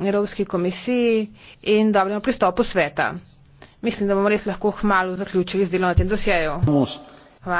Evropski komisiji in dobremu pristopu sveta. Mislim, da bomo res lahko hmalo zaključili z delom na tem dosjeju.